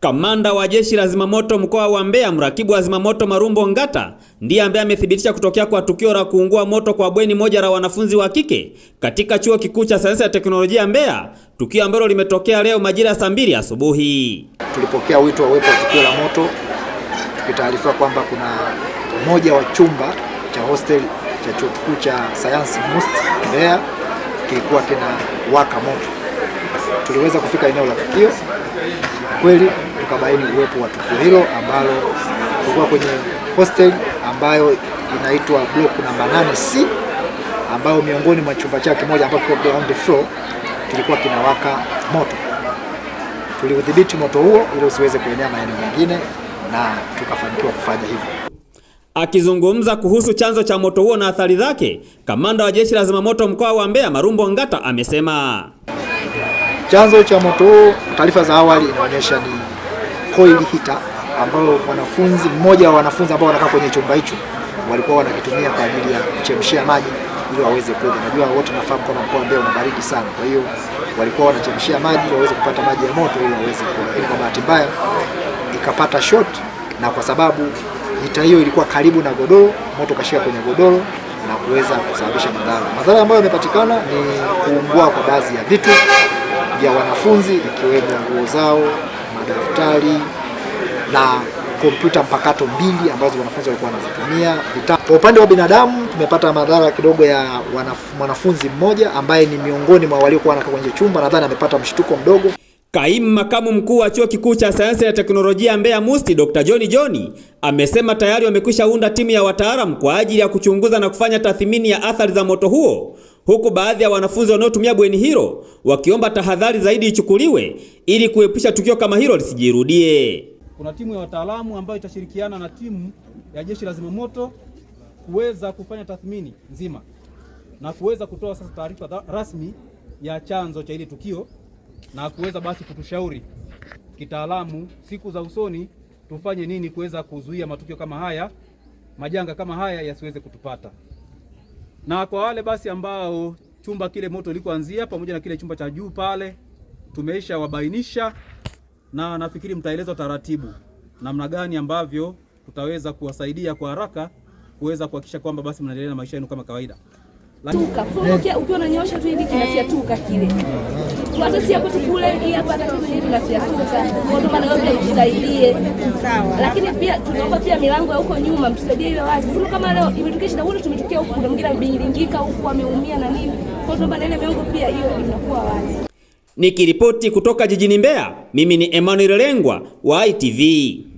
Kamanda wa Jeshi la Zimamoto mkoa wa Mbeya, mrakibu wa zimamoto Marumbo Ngata ndiye ambaye amethibitisha kutokea kwa tukio la kuungua moto kwa bweni moja la wanafunzi wa kike katika Chuo Kikuu cha Sayansi ya Teknolojia Mbeya, tukio ambalo limetokea leo majira ya saa mbili asubuhi. Tulipokea wito wa uwepo wa tukio la moto, tukitaarifiwa kwamba kuna mmoja wa chumba cha hostel cha Chuo Kikuu cha Sayansi MUST Mbeya kilikuwa kina waka moto. Tuliweza kufika eneo la tukio kweli tukabaini uwepo wa tukio hilo ambalo kulikuwa kwenye hostel ambayo inaitwa block namba 8C ambayo miongoni mwa chumba chake kimoja ambapo ground floor kilikuwa kinawaka moto. Tuliudhibiti moto huo ili usiweze kuenea maeneo mengine na tukafanikiwa kufanya hivyo. Akizungumza kuhusu chanzo cha moto huo na athari zake, kamanda wa jeshi la zimamoto mkoa wa Mbeya Marumbo Ngata amesema chanzo cha moto huo, taarifa za awali inaonyesha ni coil heater ambayo wanafunzi mmoja wa wanafunzi ambao wanakaa kwenye chumba hicho walikuwa wanakitumia kwa ajili ya kuchemshia maji ili waweze kuoga. Najua wote nafahamu kama mkoa wa Mbeya una baridi sana, kwa hiyo walikuwa wanachemshia maji ili waweze kupata maji ya moto ili waweze kuoga, lakini kwa bahati mbaya ikapata short, na kwa sababu hita hiyo ilikuwa karibu na godoro, moto kashika kwenye godoro na kuweza kusababisha madhara. Madhara ambayo yamepatikana ni kuungua kwa baadhi ya vitu vya wanafunzi ikiwemo nguo zao madaftari na kompyuta mpakato mbili ambazo wanafunzi walikuwa wanazitumia Kwa upande wa binadamu tumepata madhara kidogo ya mwanafunzi mmoja ambaye ni miongoni mwa waliokuwa wanakaa kwenye chumba, nadhani amepata mshtuko mdogo. Kaimu makamu mkuu wa chuo kikuu cha sayansi na teknolojia Mbeya MUST Dr. John John amesema tayari wamekwisha unda timu ya wataalamu kwa ajili ya kuchunguza na kufanya tathmini ya athari za moto huo huku baadhi ya wanafunzi wanaotumia bweni hilo wakiomba tahadhari zaidi ichukuliwe ili kuepusha tukio kama hilo lisijirudie. Kuna timu ya wataalamu ambayo itashirikiana na timu ya jeshi la zimamoto kuweza kufanya tathmini nzima na kuweza kutoa sasa taarifa rasmi ya chanzo cha ile tukio na kuweza basi kutushauri kitaalamu siku za usoni tufanye nini kuweza kuzuia matukio kama haya, majanga kama haya yasiweze kutupata. Na kwa wale basi ambao chumba kile moto ulikoanzia pamoja na kile chumba cha juu pale tumeisha wabainisha, na nafikiri mtaelezwa taratibu namna gani ambavyo tutaweza kuwasaidia kwa haraka kuweza kuhakikisha kwamba basi mnaendelea na maisha yenu kama kawaida tuka ukiwa ukiwa unanyosha tu hivi kinafyatuka kile si kule kwa itusaidie. lakini pia tunaomba pia milango ya huko nyuma mtusaidie wazi, kama leo imetokea shida, tumetokea kuna mwingine ameumia na nini, kwa ile milango pia hiyo inakuwa wazi. Nikiripoti kutoka jijini Mbeya, mimi ni Emmanuel Lengwa wa ITV.